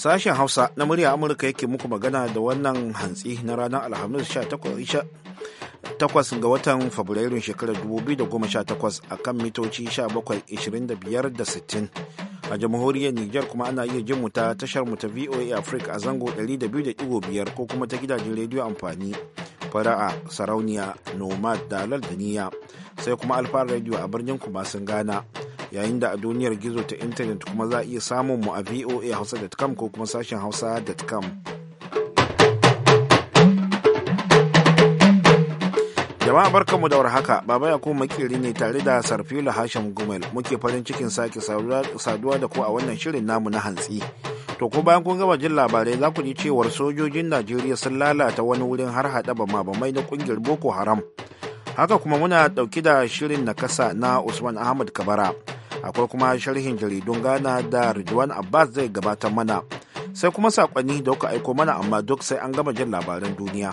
Sashen Hausa na murya Amurka yake muku magana da wannan hantsi na ranar Alhamis 18 ga watan Fabrairun shekarar 2018 a kan mitoci 17, da A jamhuriyar niger kuma ana iya jin mu ta tashar mu ta VOA Africa a zango 200.5 ko kuma ta gidajen rediyo amfani. fara'a sarauniya nomad dalal da niyya sai kuma alfa radio a birnin kuma sun gana. yayin da a duniyar gizo ta intanet kuma za a iya samun mu a voa hausa.com ko kuma sashen hausa.com jama'a mu da haka baba ya kuma makiri ne tare da sarfila hashim gumel muke farin cikin sake saduwa da ku a wannan shirin namu na hantsi to ko bayan kun gama jin labarai za ku ji cewar sojojin najeriya sun lalata wani wurin har haɗa bama bamai na ƙungiyar boko haram haka kuma muna ɗauki da shirin na kasa na usman ahmad kabara akwai kuma sharhin jaridun ghana da ridwan abbas zai gabatar mana sai kuma sakonni da kuka aiko mana amma duk sai an gama jin labaran duniya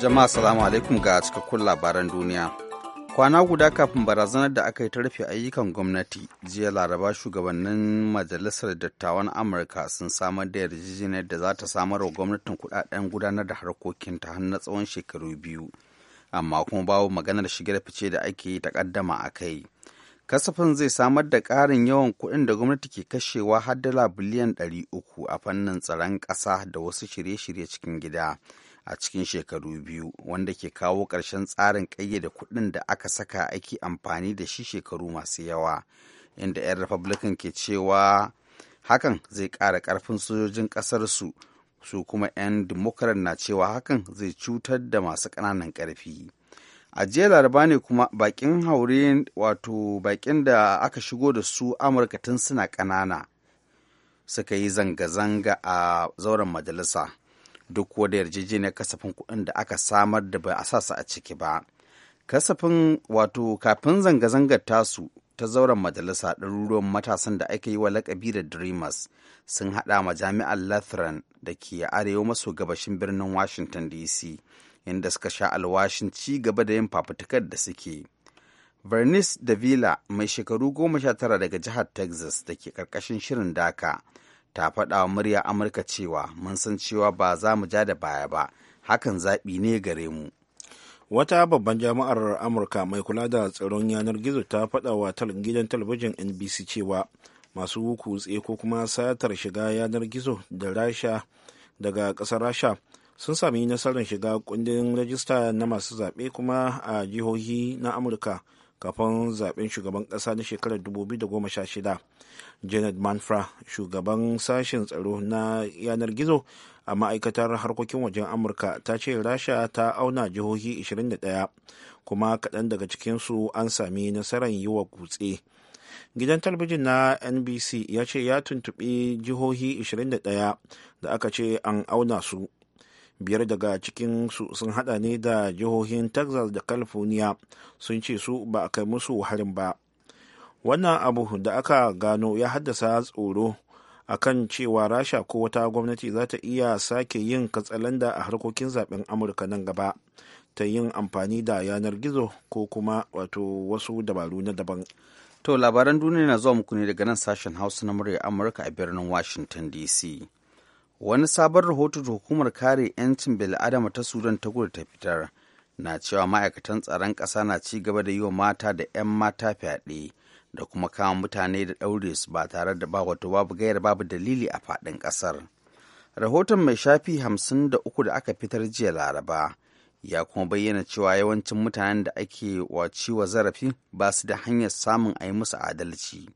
jama'a salamu alaikum ga cikakkun labaran duniya kwana guda kafin barazanar da aka yi ta rufe ayyukan gwamnati jiya laraba shugabannin majalisar dattawan amurka sun samar da yarjejeniyar da za ta samar wa gwamnatin kudaden gudanar da harkokinta har na tsawon shekaru biyu amma kuma babu maganar shigar fice da ake yi takaddama a kai kasafin zai samar da ƙarin yawan kuɗin da gwamnati ke kashewa har dala biliyan ɗari uku a fannin tsaron ƙasa da wasu shirye-shirye cikin gida a cikin shekaru biyu wanda ke kawo ƙarshen tsarin ƙayyade kuɗin da aka saka ake amfani da shi shekaru masu yawa inda 'yan republican ke cewa hakan zai ƙara ƙarfin sojojin ƙasarsu su su kuma 'yan democrat na cewa hakan zai cutar da masu ƙananan karfi. a jiya laraba ne kuma bakin haure wato bakin da aka shigo da su amurka tun suna ƙanana suka yi zanga-zanga a zauren majalisa duk da yarjejeniyar kasafin kuɗin da aka samar da ba a sa su a ciki ba kasafin wato kafin zanga-zangar tasu ta zauren majalisa ɗaruruwan matasan da aka yi wa lakabi da dreamers sun haɗa ma jami'ar lathran da ke arewa maso gabashin birnin washington dc inda suka sha alwashin ci gaba da yin fafutukar da suke vernice davila mai shekaru goma sha tara daga jihar texas da ke ƙarƙashin shirin daka ta faɗa wa murya amurka cewa mun san cewa ba za mu ja da baya ba hakan zaɓi ne gare mu wata babban jami'ar amurka mai kula da tsaron yanar gizo ta faɗa wa gidan talabijin nbc cewa masu kutse ko kuma satar shiga yanar gizo da rasha daga ƙasar rasha sun sami nasarar shiga kundin rajista na masu zaɓe kuma a jihohi na amurka kafin zaɓen shugaban ƙasa na shekarar 2016 janet manfra shugaban sashen tsaro na yanar gizo a ma'aikatar harkokin wajen amurka ta ce rasha ta auna jihohi 21 kuma kaɗan daga cikinsu an sami nasarar yi wa kutse gidan talabijin na nbc ya ce ya tuntuɓi jihohi 21 da aka ce an auna su biyar daga cikinsu sun hada ne da jihohin texas da california sun ce su ba a kai musu harin ba wannan abu da aka gano ya haddasa tsoro akan cewa rasha ko wata gwamnati za ta iya sake yin katsalanda a harkokin zaben amurka nan gaba ta yin amfani da yanar gizo ko kuma wato wasu dabaru na daban to labaran duniya na zuwa muku ne daga nan sashen hausa na murya amurka a birnin washington dc wani sabon rahoto da hukumar kare 'yancin bil'adama ta sudan ta gudu ta fitar na cewa ma'aikatan tsaron ƙasa na ci gaba da yi wa mata da 'yan mata fyaɗe da kuma kama mutane da ɗaure su ba tare da ba wato babu gayar babu dalili a faɗin ƙasar. Rahoton mai shafi hamsin da uku da aka fitar jiya Laraba ya kuma bayyana cewa yawancin mutanen da ake wa zarafi ba su da hanyar samun a yi musu adalci.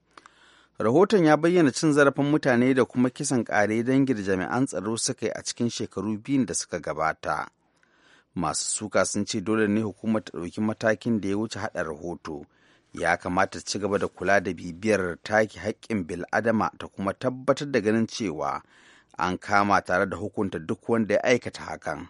Rahoton ya bayyana cin zarafin mutane da kuma kisan ƙare dangin jami'an tsaro suka yi a cikin shekaru biyun da suka gabata. Masu suka sun ce dole ne hukumar ta ɗauki matakin da ya wuce haɗa rahoto. ya kamata ci gaba da kula da bibiyar take haƙƙin bil'adama ta kuma tabbatar da ganin cewa an kama tare da hukunta duk wanda ya aikata hakan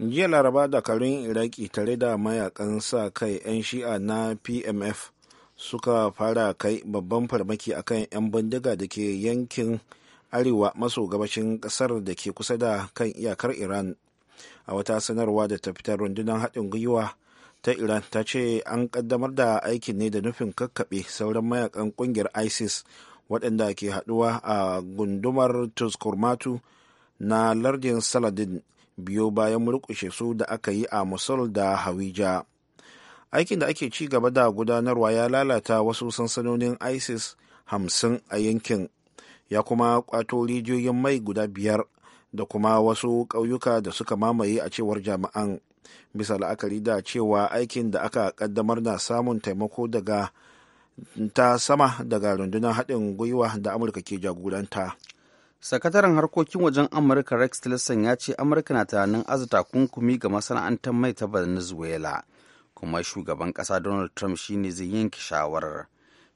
jiya laraba dakarun iraki tare da mayakan sa kai 'yan shi'a na pmf suka fara kai babban farmaki akan 'yan bindiga da ke yankin arewa maso gabashin kasar da ke kusa da kan iyakar iran a wata sanarwa da ta fitar rundunar haɗin gwiwa ta iran ta ce an kaddamar da aikin ne da nufin kakkaɓe sauran mayakan kungiyar isis waɗanda ke haɗuwa a gundumar tuskurmatu na lardin saladin biyo bayan murƙushe su da aka yi a musul da hawija aikin da ake ci gaba da gudanarwa ya lalata wasu sansanonin isis hamsin a yankin ya kuma kwato rijiyoyin mai guda biyar da kuma wasu ƙauyuka da suka mamaye a cewar jami'an bisa la'akari da cewa aikin da aka kaddamar na samun taimako daga ta sama daga rundunar haɗin gwiwa da amurka ke jagoranta sakataren harkokin wajen amurka rex tillerson ya ce amurka na tunanin azuta kunkumi ga masana'antar mai ta venezuela kuma shugaban ƙasa donald trump shine zai yanke shawarar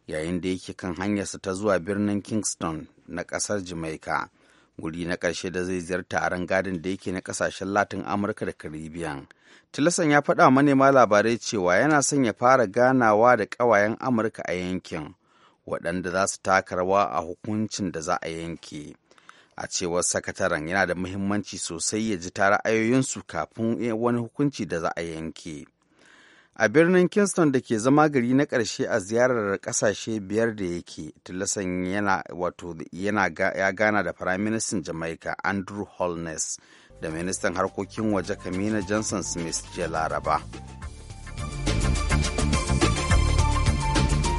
yayin da yake kan hanyarsa ta zuwa birnin kingston na ƙasar jamaica wuri na ƙarshe da zai ziyarta a rangadin da yake na ƙasashen latin amurka da caribbean tilasan ya faɗa manema labarai cewa yana son ya fara ganawa da ƙawayen amurka a yankin waɗanda za su taka rawa a hukuncin da za a yanke a cewar sakataren yana da muhimmanci sosai ya ji ta ra'ayoyinsu kafin wani hukunci da za a yanke a birnin kingston da ke zama gari na ƙarshe a ziyarar ƙasashe biyar da yake tilasan yana wato yana ya gana da firaministan jamaica andrew holness da ministan harkokin waje kamina johnson smith jiya laraba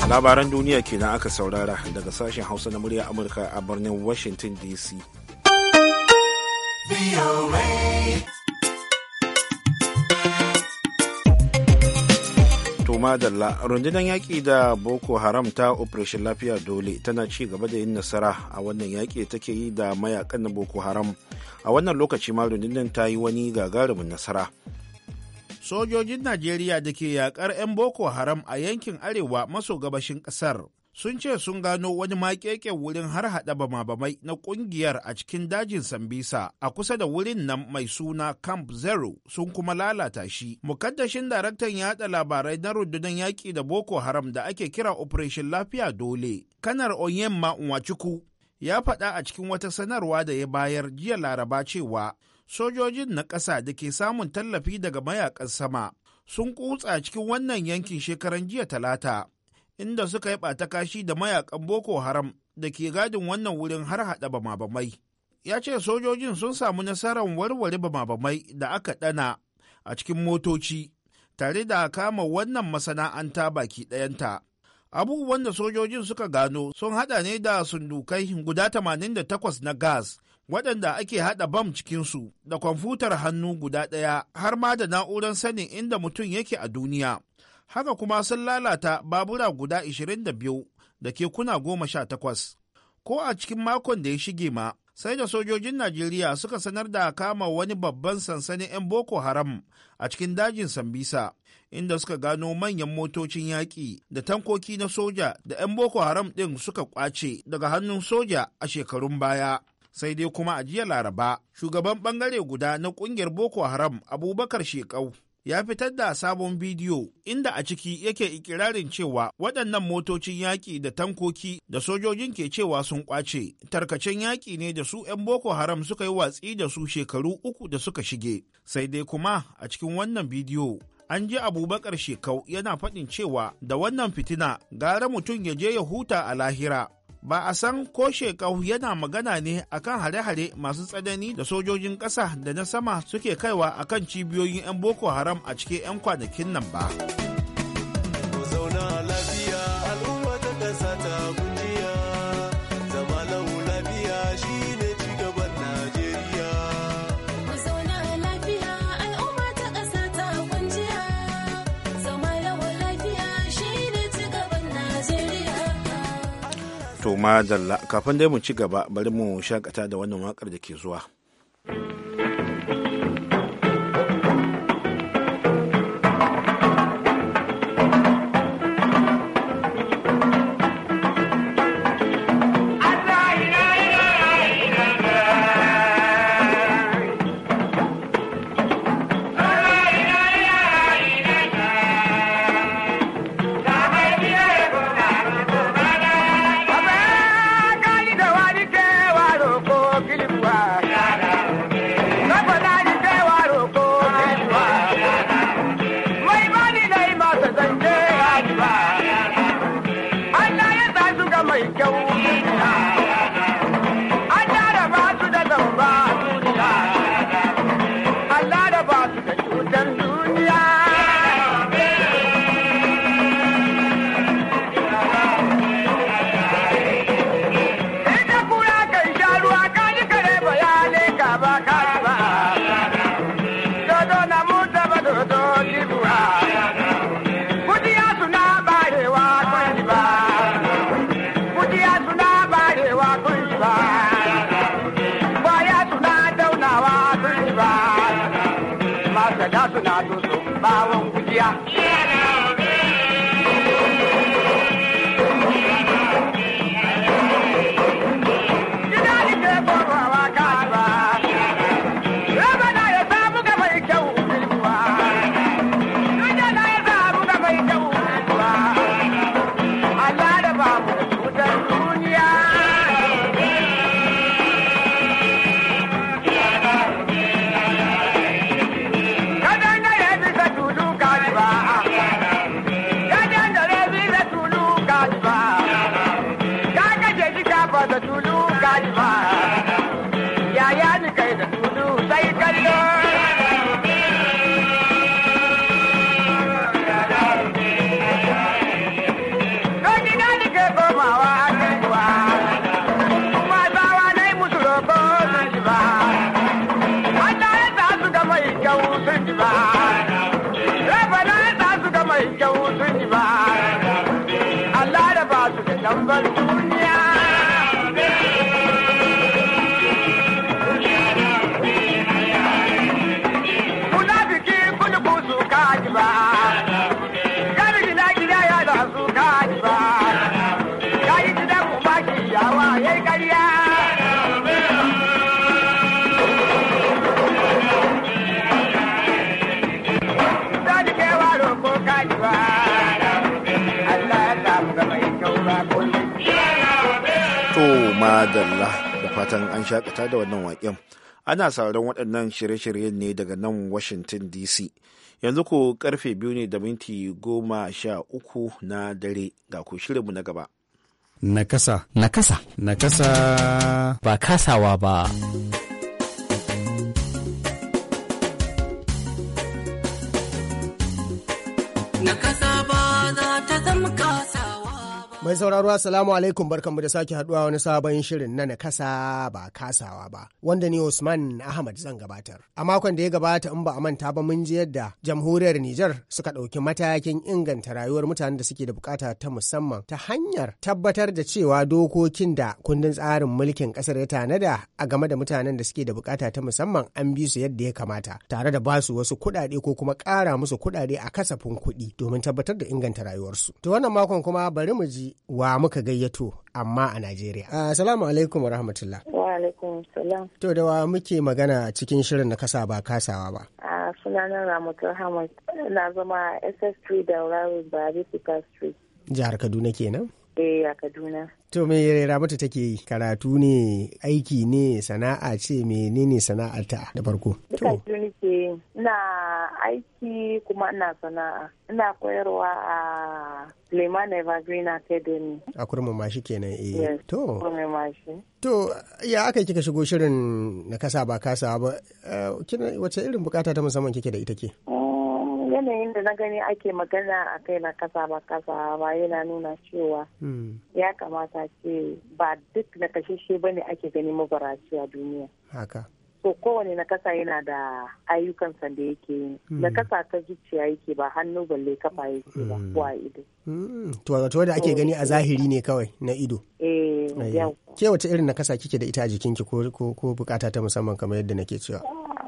labaran duniya kenan aka saurara daga sashen hausa na murya amurka a birnin washington dc madalla rundunar yaƙi da boko haram ta operation lafiya dole tana ci gaba da yin nasara a wannan yaƙi take yi da mayakan na boko haram a wannan lokaci ma rundunar ta yi wani gagarumin nasara sojojin najeriya da ke yaƙar 'yan boko haram a yankin arewa maso gabashin ƙasar sun ce sun gano wani makeke wurin har haɗa bama-bamai na ƙungiyar a cikin dajin Sambisa a kusa da wurin nan mai suna Camp Zero sun kuma lalata shi. Mukaddashin daraktan yaɗa labarai na rundunar yaƙi da Boko Haram da ake kira Operation Lafiya Dole, Kanar Onyemma Nwachukwu ya faɗa a cikin wata sanarwa da ya bayar jiya Laraba cewa sojojin na ƙasa da ke samun tallafi daga mayakan sama sun kutsa cikin wannan yankin shekaran jiya Talata. inda suka yi ɓata kashi da mayakan Boko Haram da ke gadin wannan wurin har haɗa bama Ya ce sojojin sun samu nasarar warware bama da aka ɗana a cikin motoci tare da kama wannan masana'anta baki ɗayanta. Abubuwan da sojojin suka gano sun haɗa ne da sundukai guda tamanin da takwas na gas waɗanda ake haɗa bam cikinsu da kwamfutar hannu guda ɗaya har ma da na'urar sanin inda mutum yake a duniya. haka kuma sun lalata babura guda 22 da kekuna goma sha takwas. Ko a cikin makon da ya shige ma, sai da sojojin Najeriya suka sanar da kama wani babban sansanin 'yan Boko Haram a cikin dajin Sambisa, inda suka gano manyan motocin yaƙi da tankoki na soja da 'yan Boko Haram ɗin suka ƙwace daga hannun soja a shekarun baya. Sai dai kuma a jiya Laraba, shugaban ɓangare guda na ƙungiyar Boko Haram Abubakar Shekau ya fitar da sabon bidiyo inda a ciki yake ikirarin cewa waɗannan motocin yaƙi da tankoki da sojojin ke cewa sun ƙwace tarkacen yaƙi ne da su 'yan boko haram suka yi watsi da su shekaru uku da suka shige sai dai kuma a cikin wannan bidiyo an ji abubakar shekau yana faɗin cewa da wannan fitina gara mutum ya je ya huta a lahira ba a san ko shekau yana magana ne akan hare-hare masu tsanani da sojojin ƙasa da na sama suke kaiwa akan cibiyoyin 'yan boko haram a cikin 'yan kwanakin nan ba. To madalla kafin dai mu ci gaba bari mu shakata da wannan wakar da ke zuwa. madalla da fatan an shakata da wannan waƙen ana sauran waɗannan shirye-shiryen ne daga nan washington dc yanzu ko karfe biyu ne da minti goma sha uku na dare ga ku shirinmu na gaba nakasa nakasa nakasa ba kasawa ba nakasa Mai sauraro Assalamu alaikum barkanmu da sake haduwa wani sabon shirin na kasa ba kasawa ba wanda ni Usman Ahmad zan gabatar. A makon da ya gabata in ba a manta ba mun ji yadda jamhuriyar Nijar suka ɗauki matakin inganta rayuwar mutanen da suke da bukata ta musamman ta hanyar tabbatar da cewa dokokin da kundin tsarin mulkin kasar ya tanada a game da mutanen da suke da bukata ta musamman an bi su yadda ya kamata tare da ba su wasu kuɗaɗe ko kuma ƙara musu kuɗaɗe a kasafin kuɗi domin tabbatar da inganta rayuwarsu. To wannan makon kuma bari mu ji wa muka gayyato amma a Najeriya. Assalamu ah, alaikum wa rahmatullah. Wa alaikum salam. To da wa muke magana cikin shirin na kasa ba kasawa ba. A ah, sunana Ramatu Hamad na zama SS3 da Rawi ba Street. Jihar Kaduna kenan? Eh a Kaduna. To me Ramatu take yi? Karatu ne, aiki ne, sana'a ce menene sana'ar ta da farko? Duka ke na aiki kuma ina sana'a. Ina koyarwa a Suleiman Evergreen Academy. A kurma mashi kenan eh. To. Kurma mashi. To ya aka kika shigo shirin na kasa ba kasa ba. Eh, wace irin bukata ta musamman kike da ita ke? Mm, yanayin da na gani ake magana a kai na kasa ba kasa ba yana nuna cewa hmm. ya kamata ce ba duk na kashishe ba ne ake gani mabaraci a duniya. Haka. So kowane na kasa yana da ayyukansa da yake yi. Hmm. Na kasa ta zuciya yake ba hannu balle kafa yake ba hmm. ko a ido. To wato da ake eh. gani a zahiri ne kawai na ido. Eh, Ke irin na kasa kike da ita a jikinki ko bukata ta musamman kamar yadda nake cewa? Ah,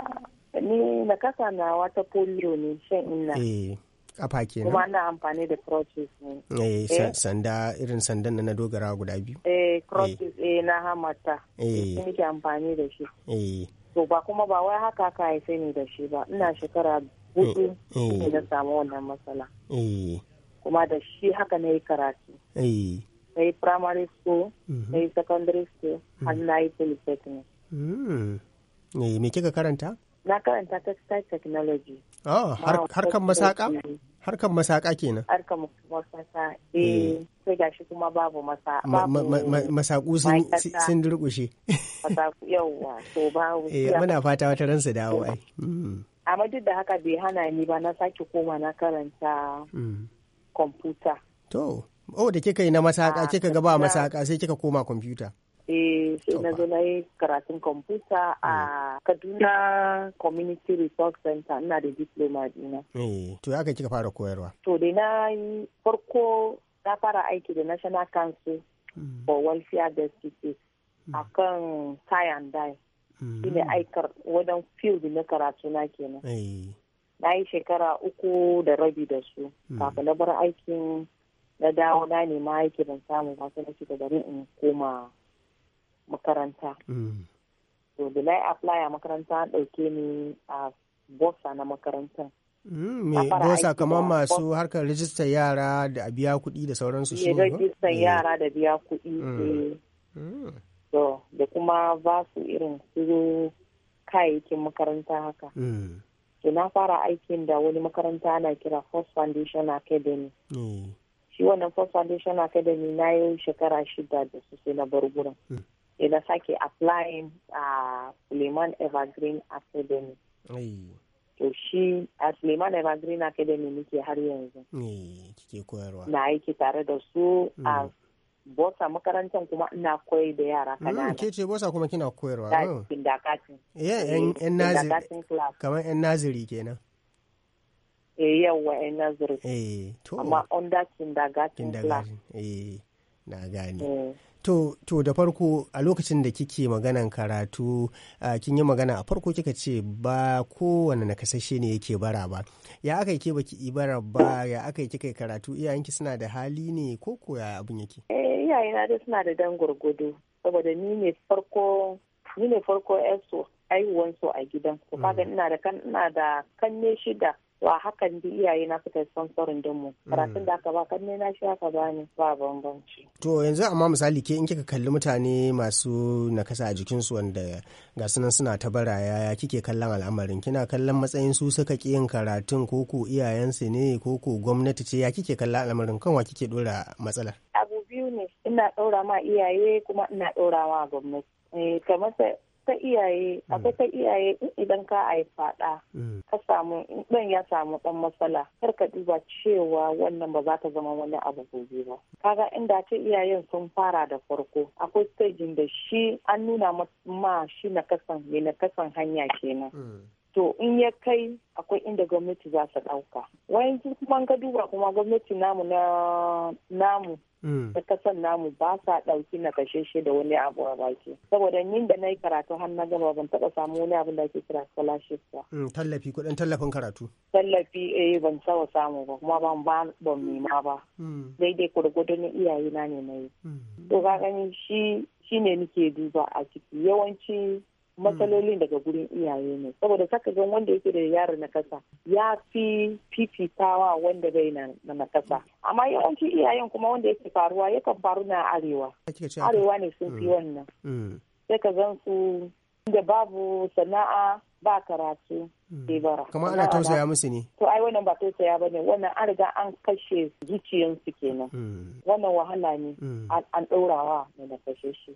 na kasa na wata polio ne shan inna eh, kafa kenan kuma ana amfani da crutches ne eh, eh. sanda irin sandan na na dogara guda biyu eh, eh. crutches eh na hamata eh nake amfani da shi eh to ba kuma ba wai haka ka haife ni da shi ba ina shekara hudu ne na samu wannan matsala eh kuma da shi haka na yi karatu eh na yi primary school mhm. na yi secondary school har mhm. na yi polytechnic hmm. me kika karanta na karanta textile technology oh ah, harkan masaka harkan masaka kenan harkan masaka eh. eh sai gashi kuma babu Masaka. masaku sun durkushe masaku yawa to babu eh muna fata wata ran su dawo ai mm. amma duk da haka bai hana ni ba na sake koma na karanta kwamfuta mm. to oh da kika yi na masaka ah, kika ga ba masaka sai kika koma kwamfuta eh na zo yi karatun kwamfuta a kaduna mm. community resource center ina da diploma dina to ya kai kika fara koyarwa to dai na yi farko na fara aiki da national council for welfare justice a kan tie and die shi ne aikar wadan field na karatu na kenan na yi shekara uku da rabi da su kafin na bar aikin na dawo na nema aiki ban samu ba sai na ci garin in koma makaranta mm. to da na apply a makaranta an ɗauke ni a bosa na makaranta. Mm, me bosa kamar masu harkar rijistar yara da a biya kuɗi da sauransu su rijistar eh. yara da biya kuɗi So, mm. eh. da kuma ba su irin su kayayyakin makaranta haka So, na fara aikin da wani makaranta ana kira first foundation academy eh. shi wannan first foundation academy na yi shekara shida da su sai na bar gurin idan sake applying a uh, Suleiman Evergreen Academy. To shi a Suleiman Evergreen Academy muke har yanzu. Na aiki tare da su hmm. uh, a bosa makaranta kuma ina koyi da yara hmm, kanana. Ke ce bosa kuma kina koyarwa. Da cikin hmm. dakatin. Eh, eh, yan naziri. Kamar yan naziri kenan. Eh yawa yan naziri. Eh, Amma under kindergarten class. na gane eh. To, to da farko a lokacin da kike maganan karatu uh, kin yi magana a farko kika ce ba kowane nakasashe ne yake bara ba. Ya aka yi ke baki ibara ba ya aka yi kika karatu iyayenki suna da hali ne ko ko ya abin yake? Eh iyayena da suna da dan gurgudu saboda ni ne farko ni ne farko so a gidan. Ko kaga mm. ina da kan ina da kanne shida wa hakan bi iyaye na suka yi sponsorin din mu hmm. karatun da aka ba kanne na shi aka bani ba bambanci to yanzu amma misali ke in kika kalli mutane masu nakasa a jikin su wanda ga sunan suna ta baraya ya kike kallon al'amarin kina kallon matsayin su suka ki yin karatun ko ko iyayen su ne ko ko gwamnati ce ya kike kallon al'amarin kanwa kike dora matsalar abu biyu ne ina ɗora ma iyaye kuma ina ɗora ma gwamnati eh, kamar ta iyaye mm. akwai ta iyaye idan ka haifa ɗa mm. ka samu ɗan ya samu ɗan matsala kar ka duba cewa wannan ba za ta zama wani abu gobe ba kaga inda ce iyayen sun fara da farko akwai stajin da shi an nuna ma shi na kasan na kasan hanya kenan mm. to in ya kai akwai inda gwamnati za su ɗauka wayansu kuma ka duba kuma gwamnati namu na namu da mm. kasan namu ba sa ɗauki na kashe shi da wani abu a baki saboda yin da na yi karatu har na gama ban taɓa samu wani abin da ake kira scholarship ba mm, tallafi kuɗin tallafin karatu tallafi eh ban sawa samu ba kuma ban ba nema ba mm. daidai gwargwado na iyaye na ne na yi to ka gani shi shi ne nake duba a ciki yawanci matsalolin daga gurin iyaye ne saboda saka gan wanda yake da yaro na kasa ya fi fifitawa wanda bai na na kasa amma yawancin iyayen kuma wanda yake faruwa yakan faru na arewa arewa ne sun fi mm. wannan mm. sai ka gan su da babu sana'a ba karatu mm. bara. kamar ana tausaya musu ne to ai wannan ba tausaya ba ne wannan an riga an kashe zuciyansu kenan wannan wahala ne an ɗaurawa da na kashe shi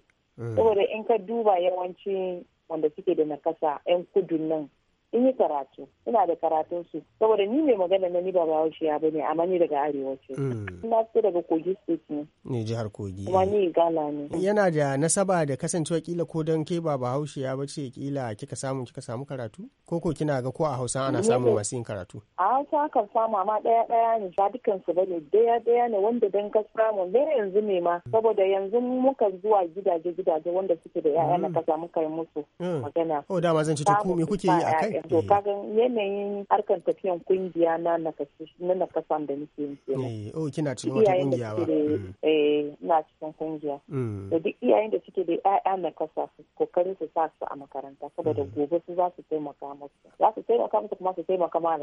saboda in ka duba yawancin wanda suke da nakasa 'yan kudun nan in yi karatu ina da karatun su saboda ni mai magana na ni ba bahaushiya ya bane amma ni daga arewa ce ina mm. fito daga kogi state ne ne jihar kogi kuma ni gala ne yana da nasaba da kasancewa kila ko don ke ba bahaushiya ya bace kila kika samu kika samu karatu ko ko kina ga ko a hausa ana samun masu yin karatu a hausa kan samu amma daya daya ne ba dukkan su bane daya daya ne wanda dan ka samu ne yanzu ne ma saboda yanzu muka zuwa gidaje gidaje wanda suke da ya'ya na mm. kasa muka yi musu mm. magana oh dama zan ci me kuke yi akai kungiya to mm. ga yanayin harkar tafiyan kungiya na nakasan da nake yin kenan eh, oh kina cikin wata kungiya ba mm. eh na cikin kungiya mm. to duk iyayen da suke da ƴaƴa na kasa su kokari su sa su a makaranta saboda gobe su za su taimaka musu za su taimaka musu kuma su taimaka ma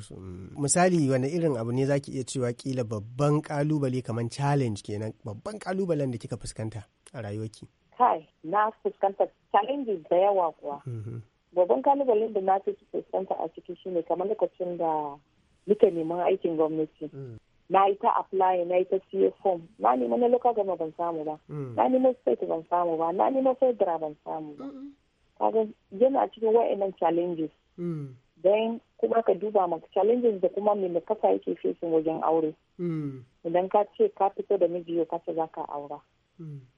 su misali wani irin abu ne zaki iya cewa kila babban kalubale kaman challenge kenan babban kalubalen da kika fuskanta a rayuwarki kai na fuskanta challenges da yawa kuwa mm-hmm. babban kalubalen da na fi fuskanta a ciki shine kamar lokacin da muke neman aikin gwamnati mm. na yi ta apply na yi ta siya form na neman na local gama ban samu ba mm. na neman state ban samu ba na neman federal ban samu ba kaga yana cikin wa'annan challenges don mm. kuma ka duba maka challenges da kuma me na kasa yake fesin wajen aure idan ka ce ka fito da miji ya kasa za ka aura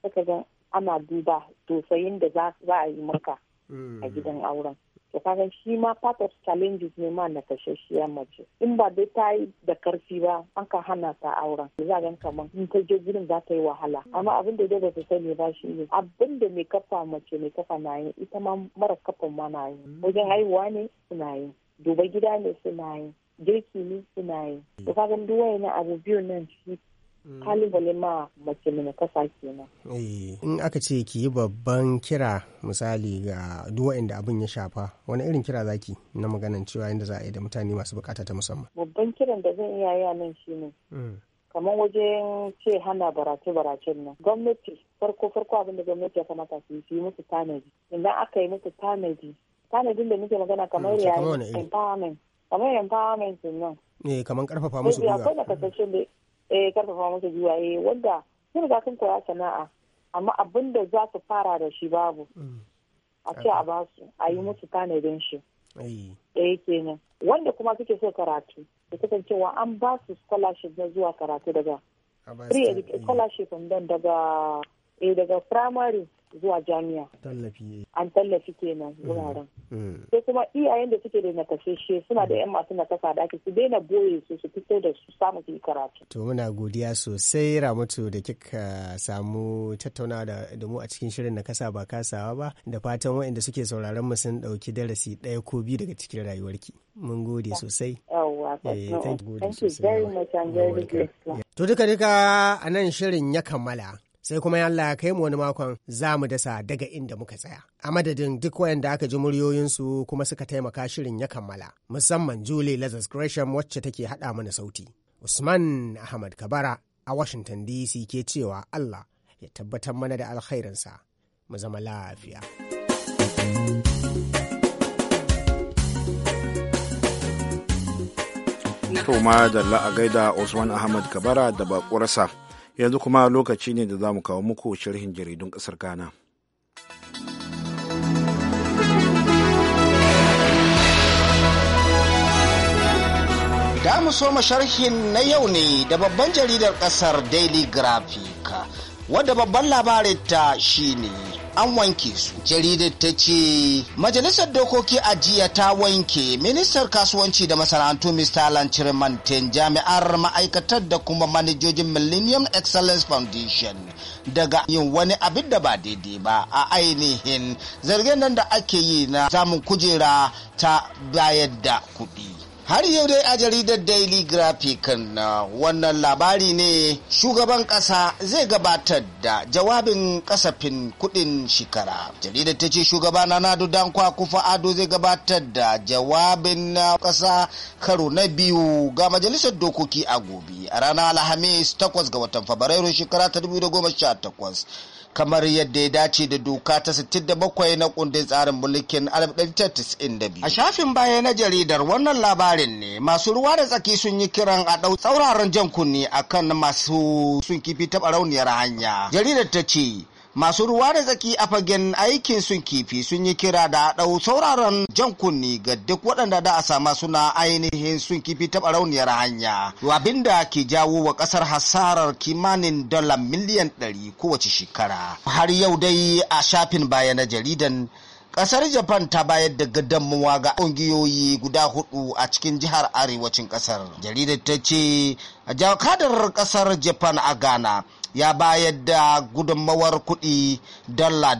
saka ga ana duba tosayin da za a yi maka Mm. a gidan auren to kaga shi ma part of challenges ne ma na kashashiyar mace in ba dai ta yi da karfi ba an ka hana ta auren za gan kaman in ta je gurin za ta yi wahala amma abin da dai ba ta sani ba shi ne abin da mai kafa mace mai kafa na yi ita ma mara kafan ma na yi mm. wajen haihuwa ne suna yi duba gida ne suna yi girki ne suna yi to kaga duk wayannan abu biyu nan shi Mm. kalubale ma mace mai kasa kenan. Eh. In aka ce ki yi babban kira misali ga duwa inda abin ya shafa wani irin kira zaki na maganan cewa inda za a yi da mutane masu bukata ta musamman. Babban kiran da zan iya yi a nan shi ne. Mm. kamar wajen ce hana barace-baracen nan gwamnati farko farko abin da gwamnati ya kamata su yi musu tanadi idan aka yi musu tanadi tanadin da muke magana kamar mm, yayin empowerment kamar empowerment nan ne eh, kamar karfafa musu gwiwa akwai da kasashen da eh karfafa masa zuwa eh wanda sun riga sun koya sana'a amma abin da za su fara da shi babu mm. a ce a ba su a yi mm. musu tanadin shi eh kenan wanda kuma suke so karatu da kasancewa an ba su scholarship na zuwa karatu daga free scholarship daga eh daga firamare zuwa jami'a eh. an tallafi kenan mm-hmm. wuraren mm. sai kuma iyayen da suke da nakasasshe suna da mm. yan masu nakasa da ake su daina boye su su fito da su samu su yi karatu to muna godiya sosai ramatu da kika samu tattauna da mu a cikin shirin nakasa ba kasawa ba da fatan waɗanda suke sauraron mu sun ɗauki darasi ɗaya ko biyu daga cikin rayuwarki mun gode sosai to duka duka a nan shirin ya kammala sai kuma ya Allah kai mu wani makon za mu dasa daga inda muka tsaya. A madadin duk wayanda aka ji muryoyinsu kuma suka taimaka shirin ya kammala, musamman Julie Lazarus Gresham wacce take haɗa mana sauti. Usman Ahmad Kabara a Washington DC ke cewa Allah ya tabbatar mana da alkhairinsa, mu zama lafiya. To da a gaida Usman Ahmad Kabara da bakurarsa. yanzu kuma lokaci ne da za mu kawo muku sharhin jaridun ƙasar ghana Da mu so sharhin na yau ne da babban jaridar ƙasar Daily Graphic, wadda babban labarinta shine an wanke su jaridar ta ce majalisar dokoki a jiya ta wanke ministar kasuwanci da masana'antu mr alan chirmantin jami'ar ma'aikatar da kuma manajojin millennium excellence foundation daga yin wani abin da ba daidai ba a ainihin zargin nan da ake yi na samun kujera ta bayar da kuɗi har yau dai a jaridar daily graphic na wannan labari ne shugaban kasa zai gabatar da jawabin kasafin kudin shekara jaridar ta ce shugaba na nadu dankwa kufa ado zai gabatar da jawabin na kasa karo na biyu ga majalisar dokoki a gobe a ranar alhamis 8 ga watan fabrairu shekara ta 2018 kamar yadda ya dace da doka ta 67 na kundin tsarin mulkin 1992. A shafin baya na jaridar wannan labarin ne masu ruwa da tsaki sun yi kiran a ɗau tsauraran jan kunni akan masu sun kifi taɓa rauniyar hanya. Jaridar ta ce masu ruwa da tsaki a fagen aikin sun kifi sun yi kira da ɗau sauraron jan kunni ga duk waɗanda da a sama suna ainihin sun kifi taɓa rauniyar hanya da ke jawo wa ƙasar hasarar kimanin dala miliyan ɗari kowace shekara har yau dai a shafin baya na jaridan ƙasar japan ta bayar da gudunmuwa ga ƙungiyoyi guda hudu a cikin jihar arewacin ƙasar. jaridar ta ce jakadar ƙasar japan a ghana ya bayar da gudunmawar kuɗi dala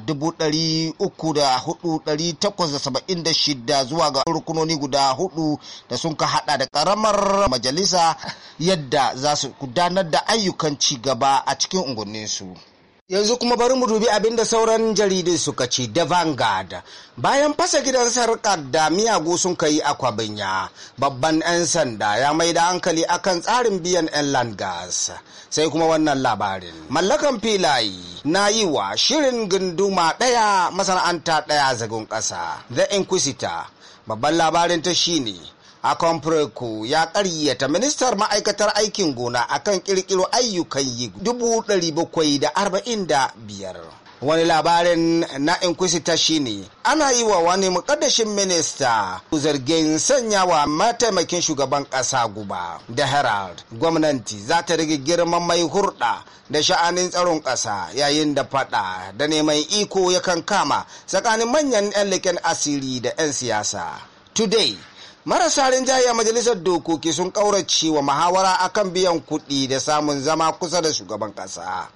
shida zuwa ga rukunoni guda hudu da sun ka hada da karamar majalisa yadda za su gudanar da ayyukan ci gaba a cikin unguwanninsu. Yanzu kuma bari mu dubi abin da sauran jaridai suka ce da Vanguard. Bayan fasa gidan sarkar da miyagu sun kai a kwabinya, babban 'yan sanda ya mai da hankali akan tsarin biyan 'yan langas. Sai kuma wannan labarin. Mallakan filayi na yi wa shirin gunduma ɗaya masana'anta ɗaya zagon ƙasa. The Inquisitor. Babban labarin ta shine a Kompreko ya karyata ministar ma'aikatar aikin gona a kan kirkiro ayyukan yi dubu da arba'in da biyar. Wani labarin na Inquisitor shine ana yi wa wani mukaddashin minista zargin sanya wa mataimakin shugaban ƙasa guba da Herald. Gwamnati za ta rage girman mai hurɗa da sha'anin tsaron ƙasa yayin da faɗa da neman iko ya kankama tsakanin manyan 'yan leƙen asiri da 'yan siyasa. Today, marasa rinjaye a majalisar dokoki sun ƙaurace wa muhawara akan biyan kuɗi da samun zama kusa da shugaban ƙasa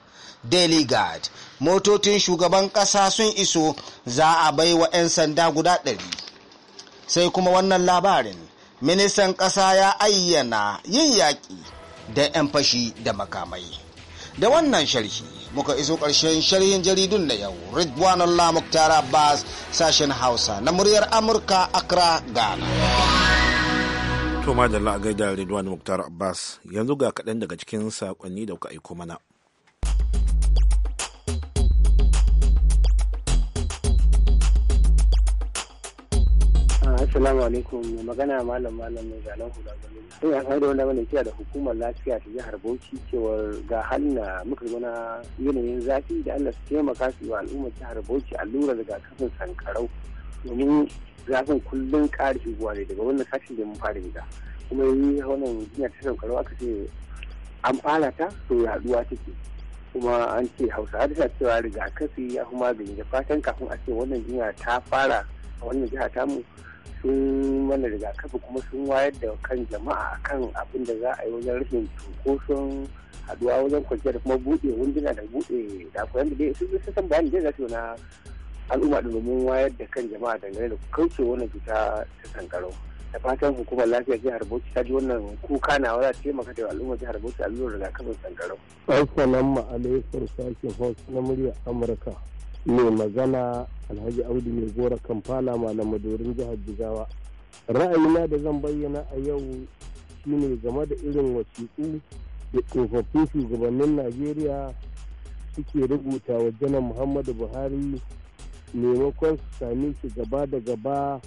daily guard motocin shugaban ƙasa sun iso za a bai wa 'yan sanda guda ɗari sai kuma wannan labarin ministan ƙasa ya ayyana yin yaƙi da 'yan fashi da makamai da wannan sharhi muka iso ƙarshen sharhin jaridun na yau ridwan allah muktar abbas sashen hausa na muryar amurka accra ghana to madalla a gaida ridwan muktar abbas yanzu ga kaɗan daga cikin saƙonni da kuka aiko mana Assalamu alaikum mai magana malam malam mai zanen hula gani. ya da wanda mana kira da hukumar lafiya ta jihar Bauchi cewar ga hanna muka na yanayin zafi da Allah su taimaka su wa al'ummar jihar Bauchi allura daga kafin sankarau domin zafin kullum ƙara iguwa ne daga wannan sashen da mun fara gida. Kuma yi wannan jinya ta sankarau aka ce an fara ta to yaduwa take. kuma an ce hausa da cewa rigakafi ya fi magani da fatan kafin a ce wannan jinya ta fara a wannan jiha tamu sun mana rigakafi kuma sun wayar da kan jama'a kan abin da za a yi wajen rashin cunkoson haduwa wajen kwanciya da kuma buɗe wunduna da buɗe dakunan da dai sun san bayani da za su na al'umma da domin wayar da kan jama'a dangane da kauce wannan cuta ta sankarau da fatan hukumar lafiya jihar bauchi ta ji wannan kuka na wala taimaka da al'umma jihar bauchi allurar rigakafin sankarau assalamu alaikum sashen hausa na murya amurka mai magana alhaji audu mai gora kamfana malam madorin jihar jigawa ra'ayina da zan bayyana a yau shine game da irin wasiƙu da tsofaffin shugabannin najeriya suke rubuta wa janar muhammadu buhari maimakon su sami shi gaba da gaba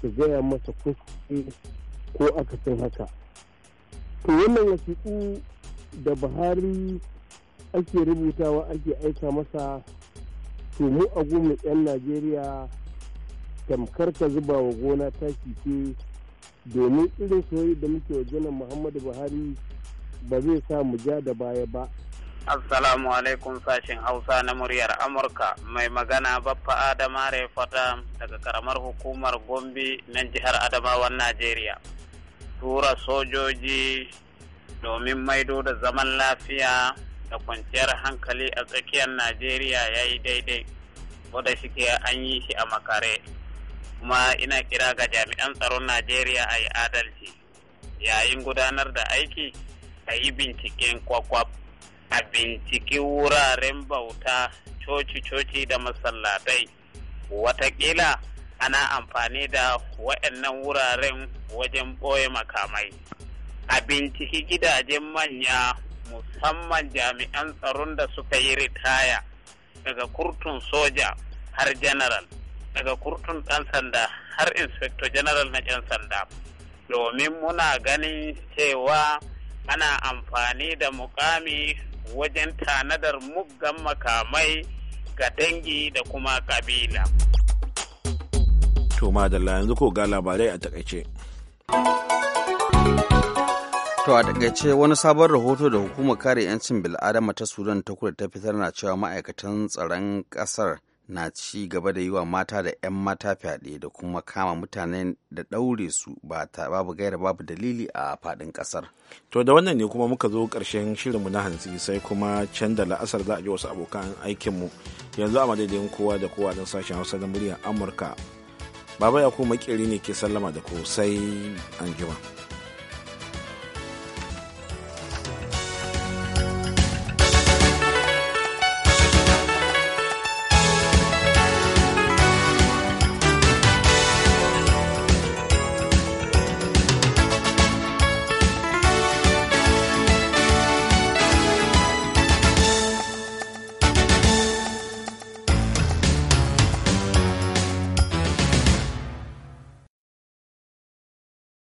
su gaya masa kuskure ko akasin haka to wannan wasiƙu da buhari ake rubutawa ake aika masa to mu a goma 'yan najeriya tamkar ka zuba wa gona ta ce domin irin soyi da muke wa janar muhammadu buhari ba zai sa mu ja da baya ba assalamu alaikum sashen hausa na muryar amurka mai magana baffa adama fata daga karamar hukumar gombe na jihar adamawan najeriya tura sojoji domin maido da zaman lafiya da kwanciyar hankali a tsakiyar najeriya ya yi daidai wadda suke an yi shi a makare kuma ina kira ga jami'an tsaron najeriya a yi adalci yayin gudanar da aiki a yi binciken kwakwaf a binciki wuraren bauta coci-coci da masallatai watakila ana amfani da waɗannan wuraren wajen ɓoye makamai a binciki gidajen manya musamman jami'an tsaron da suka yi ritaya daga kurtun soja har general daga kurtun ɗan sanda har inspector general na 'yan sanda domin muna ganin cewa ana amfani da mukami wajen tanadar muggan makamai ga dangi da kuma kabila. To madalla yanzu ko ga labarai a takaice. To a takaice wani sabon rahoto da hukumar kare 'yancin bil'adama ta Sudan ta kudu ta fitar na cewa ma'aikatan tsaron ƙasar na ci gaba da yi wa mata da 'yan mata fyaɗe da kuma kama mutane da ɗaure su ba ta babu gaira babu dalili a faɗin ƙasar. To da wannan ne kuma muka zo ƙarshen shirinmu na hantsi sai kuma can da la'asar za a ji wasu abokan aikinmu yanzu a madadin kowa da kowa don sashen hausa na muryar Amurka. Baba ya kuma makeri ne ke sallama da ku sai anjima.